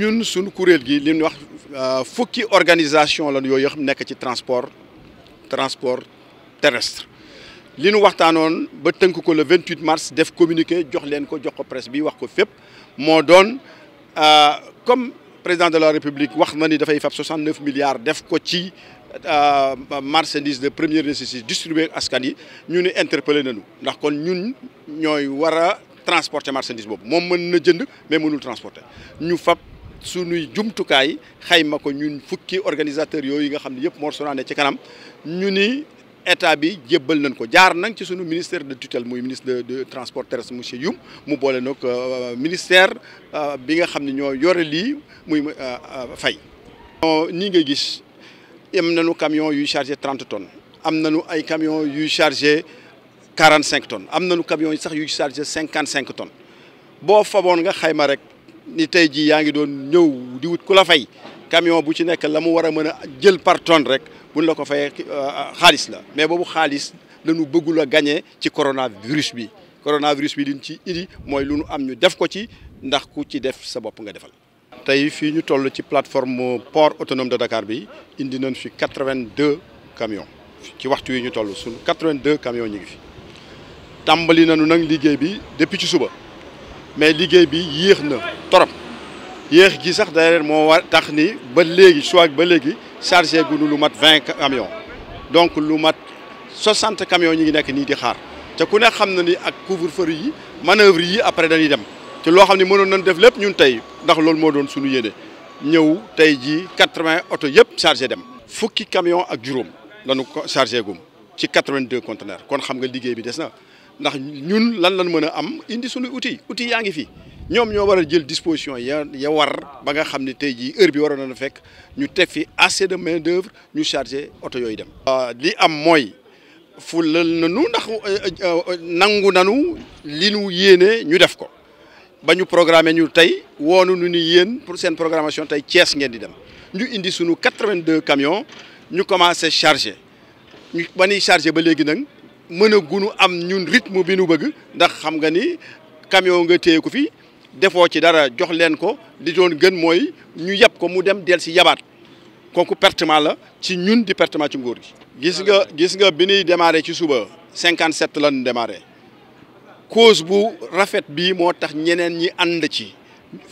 ñun suñu kuréel gi li ñu wax euh, fukki organisation la yooyu yoo xam ci transport transport terrestre li ñu waxtaanoon ba ko le 28 mars def communiqué jox leen ko jox ko presse bi wax ko fépp moo doon euh, comme président de la république wax na ni dafay 69 milliards def ko ci euh, marchandises de première nécessité distribué askan yi ñu ni interpellé nañu ndax kon ñun ñooy war transporter marchandise bob. moom meun na jënd mais mënul transporter ñu fab suñuy jumtukaay xayma ko ñun fukki organisateurs yooyu nga xamni yépp yëpp Mor ci kanam ñu ni état bi djébal nañ ko jaar nang ci suñu ministère de tutelle muy ministre de transport terrestre monsieur Youm mu bolé nok euh, ministère euh, bi nga xamni ne ñoo yore lii muy euh, fay. ñi nga gis am nañu camion yu chargé trente tonnes am nañu ay camion yu chargé. 45 tonnes am nañu camions yi sax yu chargé cinquante tonnes boo faboon nga xayma rek ni tay ji yaangi doon ñew di wut kula fay camion bu ci nek la wara mëna a jël par tonne rek buñ la ko fayee euh, xaalis la mais bobu xaalis lañu bëggula gagner ci coronavirus bi coronavirus bi liñ ci idi moy luñu am ñu def ko ci ndax ku ci def sa bop nga defal. tay fi ñu toll ci plateforme port autonome de Dakar bi indi nañ fi 82 camions ci waxtu yi ñu toll suñu camions ñi ngi fi tàmbali nañu nak liggéey bi depuis ci suba mais liggéey bi yéex na torop yéex gi sax d'ailleurs mo war tax ni ba léegi soit ba léegi chargé gu lu mat 20 camions donc lu mat 60 camions ñi ngi nek ni di xaar te ku ne xam na ni ak couvre-feu yi manœuvre yi après dañuy dem te lo xam ne mënoon nañ def lepp ñun tay ndax lool mo doon suñu yéene ñew tay ji 80 auto yépp yëpp chargé dem fukki camion ak juróom lañu chargé gum ci 82 conteneurs kon xam nga liggéey bi des na ndax ñun lan lan mëna am indi suñu outil outil yaangi fi ñom ño wara jël disposition ya ya war ba nga xamni tay ji heure bi waroon na fekk ñu tek fi assez de main d'œuvre ñu chargé oto yooyu dem. Euh, li am mooy fulal nañu ndax euh, euh, nangu nañu li nu yéné ñu def ko ba ñu programmé ñu tay woonu nu ni yeen pour sen programmation tay Thiès ngeen di dem ñu indi suñu 82 camions ñu commencer charger ñu bani charger ba légui nak mën a gunu am ñun rythme bi nu bëgg ndax xam nga ni camion nga téye ko fi defoo ci dara jox leen ko li doon gën mooy ñu yab ko mu dem del si yabaat kooku pertement la ci ñun di pertement ci nguur gi. gis nga gis nga bi nuy démarré ci suba cinquante la ñu démarré cause bu rafet bii moo tax ñeneen ñi ànd ci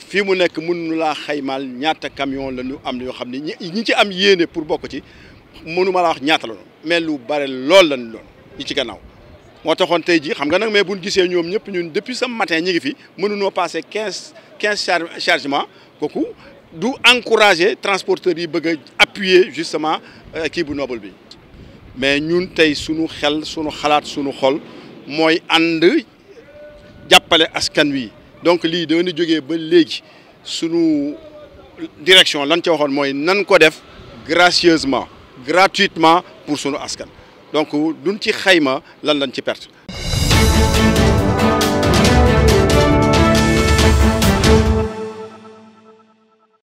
fii mu nekk mënuñu laa xaymaal ñaata camion la ñu am yoo xam ni ñi ci am yéene pour bokk ci mënuma ma laa wax ñaata la mais lu bare lool lañu doon. Je depuis ce matin nous avons passé 15 chargements pour encourager les encourager transporteurs yi bëgg appuyer justement euh, mais nous sommes sunu xel sunu sunu xol moy à askan wi donc l'idée nous nous ba sunu direction gracieusement gratuitement pour son donc nous ci xayma